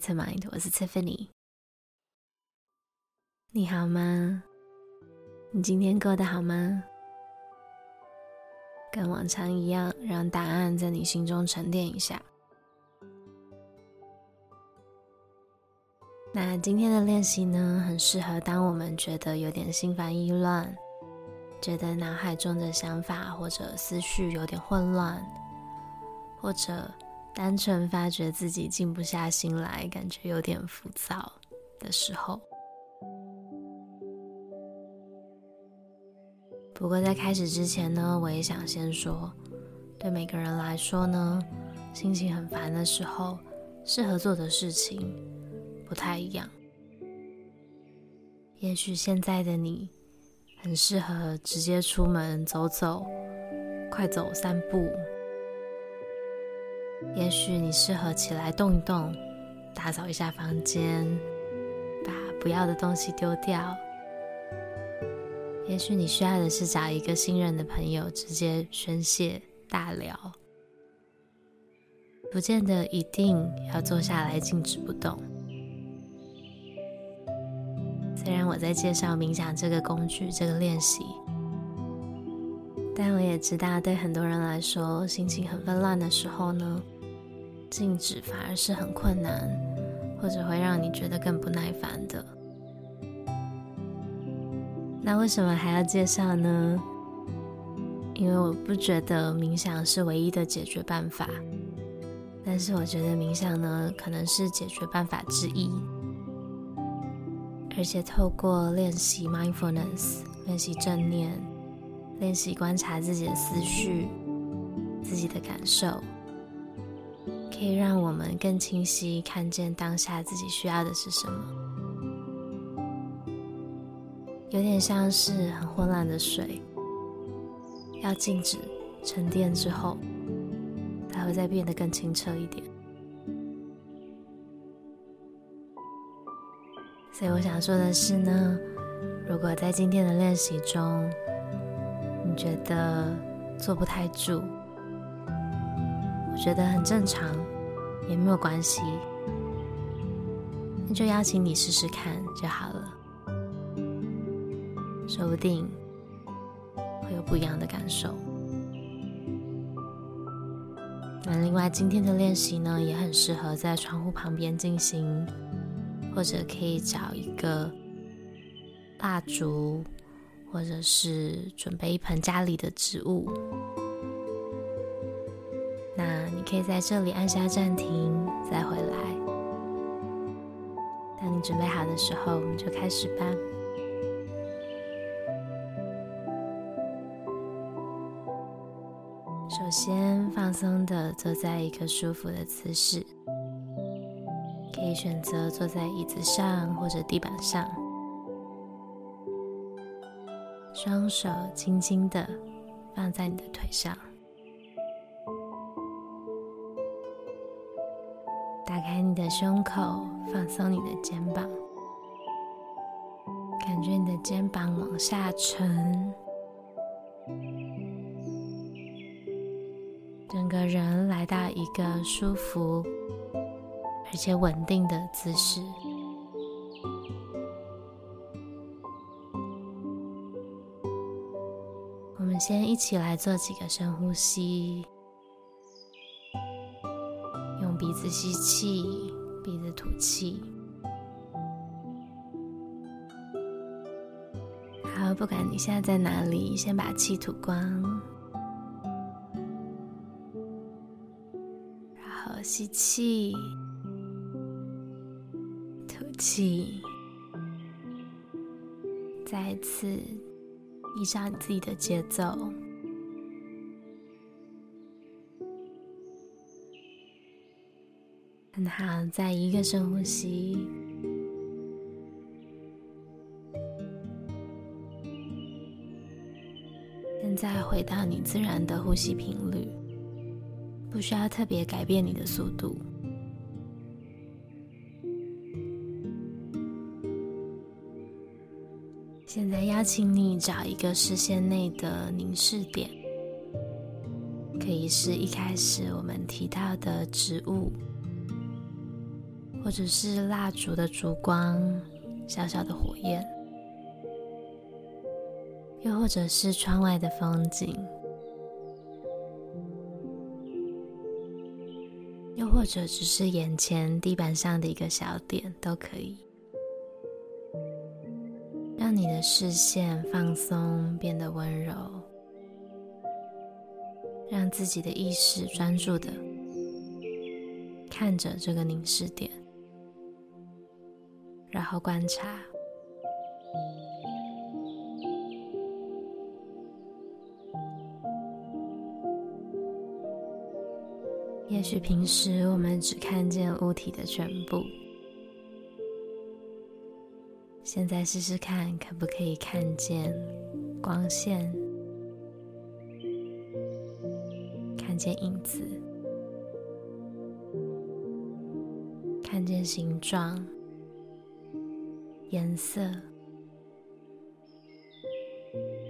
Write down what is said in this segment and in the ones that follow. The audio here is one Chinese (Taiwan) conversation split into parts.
我是 Tiffany，你好嗎？你今天過得好嗎？跟往常一樣，讓答案在你心中沉澱一下。那今天的練習呢，很適合當我們覺得有點心煩意亂，覺得腦海中的想法或者思緒有點混亂，或者，單純發覺自己靜不下心來，感覺有點浮躁的時候。不過在開始之前呢，我也想先說，對每個人來說呢，心情很煩的時候，適合做的事情不太一樣。也許現在的你，很適合直接出門走走，快走散步。也許你適合起來動一動，打掃一下房間，把不要的東西丟掉。也許你需要的是找一個信任的朋友，直接宣洩大聊，不見得一定要坐下來靜止不動。雖然我在介紹冥想這個工具、這個練習，但我也知道，對很多人來說，心情很紛亂的時候呢。靜止反而是很困難，或者會讓你覺得更不耐煩的。那為什麼還要介紹呢？因為我不覺得冥想是唯一的解決辦法，但是我覺得冥想呢，可能是解決辦法之一。而且透過練習 mindfulness，練習正念，練習觀察自己的思緒、自己的感受。可以讓我們更清晰看見當下自己需要的是什麼，有點像是很混亂的水，要靜止、沉澱之後，它會再變得更清澈一點。所以我想說的是呢，如果在今天的練習中，你覺得坐不太住，我覺得很正常。也沒有關係，那就邀請你試試看就好了，說不定會有不一樣的感受。那另外，今天的練習呢，也很適合在窗戶旁邊進行，或者可以找一個蠟燭，或者是準備一盆家裡的植物。可以在這裡按下暫停，再回來。當你準備好的時候，我們就開始吧。首先，放鬆的坐在一個舒服的姿勢，可以選擇坐在椅子上或者地板上，雙手輕輕的放在你的腿上。的胸口，放鬆你的肩膀，感覺你的肩膀往下沉，整個人來到一個舒服而且穩定的姿勢。我們先一起來做幾個深呼吸。鼻子吸氣，鼻子吐氣。好，不管你現在在哪裡，先把氣吐光，然後吸氣，吐氣，再一次依照你自己的節奏。好，再一個深呼吸，現在回到你自然的呼吸頻率，不需要特別改變你的速度。現在邀請你找一個視線內的凝視點，可以是一開始我們提到的植物。或者是蠟燭的燭光，小小的火焰；又或者是窗外的風景；又或者只是眼前地板上的一個小點，都可以讓你的視線放鬆，變得溫柔，讓自己的意識專注的看着這個凝視點。然後觀察。也許平時我們只看見物體的全部，現在試試看，可不可以看見光線，看見影子，看見形狀。顏色，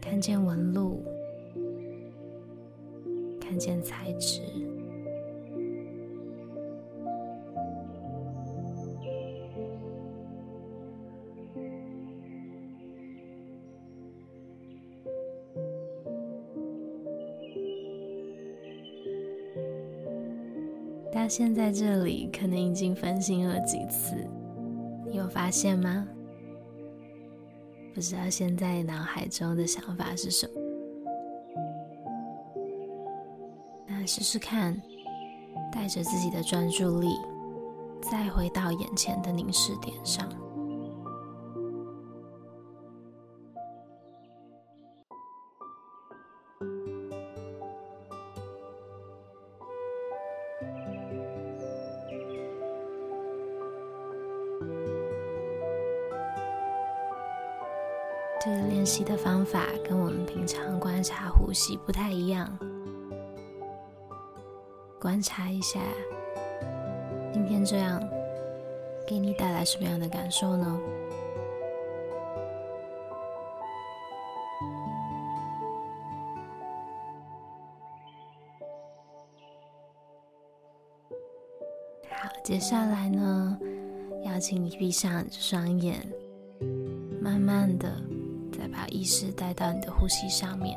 看見紋路，看見材質。到現在這裡可能已經分心了幾次，你有發現嗎？不知道現在腦海中的想法是什麼。那試試看，帶着自己的專注力，再回到眼前的凝視點上。這個練習的方法跟我們平常觀察呼吸不太一樣，觀察一下，今天這樣給你帶來什麼樣的感受呢？好，接下來呢，要請你閉上雙眼，慢慢的。把意識帶到你的呼吸上面，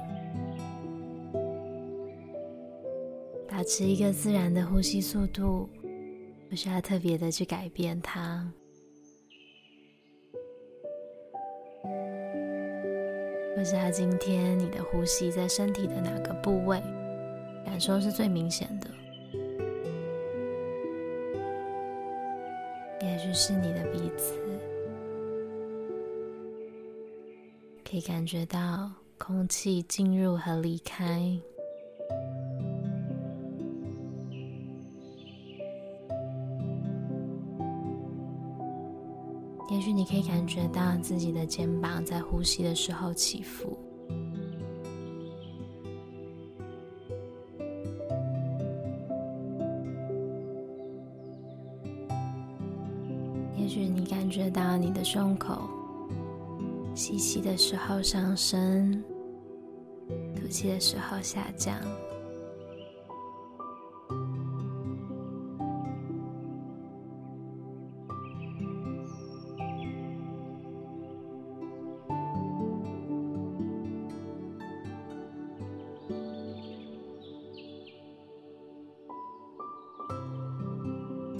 保持一個自然的呼吸速度，不需要特別的去改變它。不知道今天你的呼吸在身體的哪個部位，感受是最明顯的？也許是你的鼻子。可以感覺到空氣進入和離開。也許你可以感覺到自己的肩膀在呼吸的時候起伏。也許你感覺到你的胸口。吸氣的時候上升，吐氣的時候下降。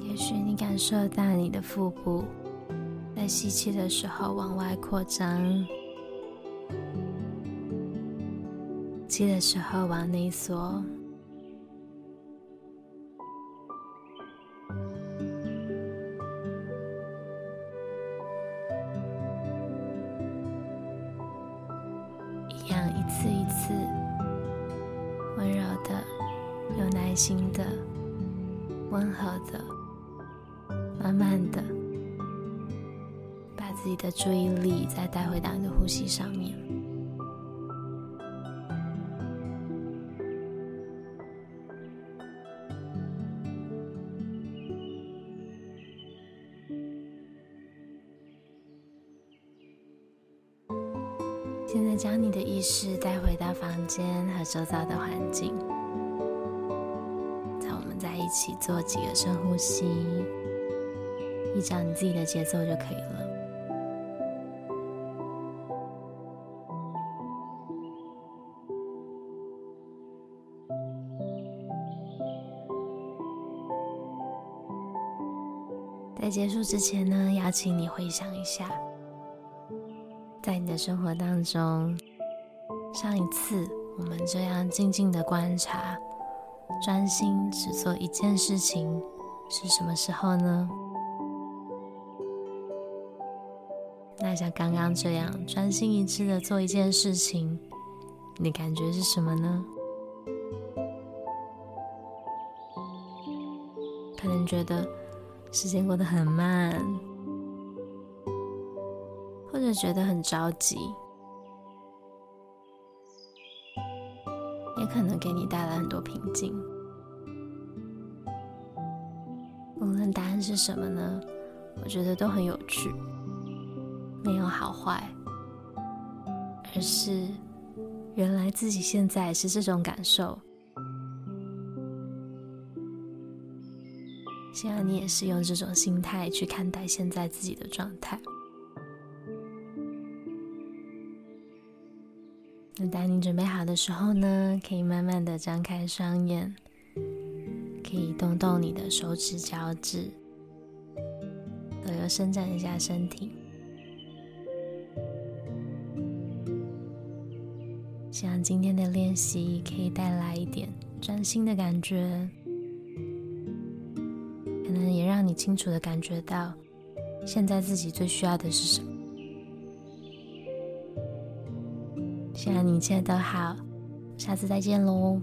也許你感受到你的腹部。在吸氣的時候往外擴張，呼氣的時候往內縮，一樣一次一次，溫柔的，有耐心的，溫和的，慢慢的。自己的注意力再帶回到你的呼吸上面。現在將你的意識帶回到房間和周遭的環境。讓我們在一起做幾個深呼吸，依照你自己的節奏就可以了。在結束之前呢，邀請你回想一下，在你的生活當中，上一次我們這樣靜靜的觀察、專心只做一件事情是什麼時候呢？那像剛剛這樣專心一致的做一件事情，你感覺是什麼呢？可能覺得。時間過得很慢，或者覺得很着急，也可能給你帶來很多平靜。無論答案是什麼呢，我覺得都很有趣，沒有好壞，而是原來自己現在是這種感受。希望你也是用這種心態去看待現在自己的狀態。那當你準備好的時候呢，可以慢慢的張開雙眼，可以動動你的手指、腳趾，都有伸展一下身體。希望今天的練習可以帶來一點專心的感覺。你清楚的感覺到，現在自己最需要的是什麼？希望你一切都好，下次再見嘍。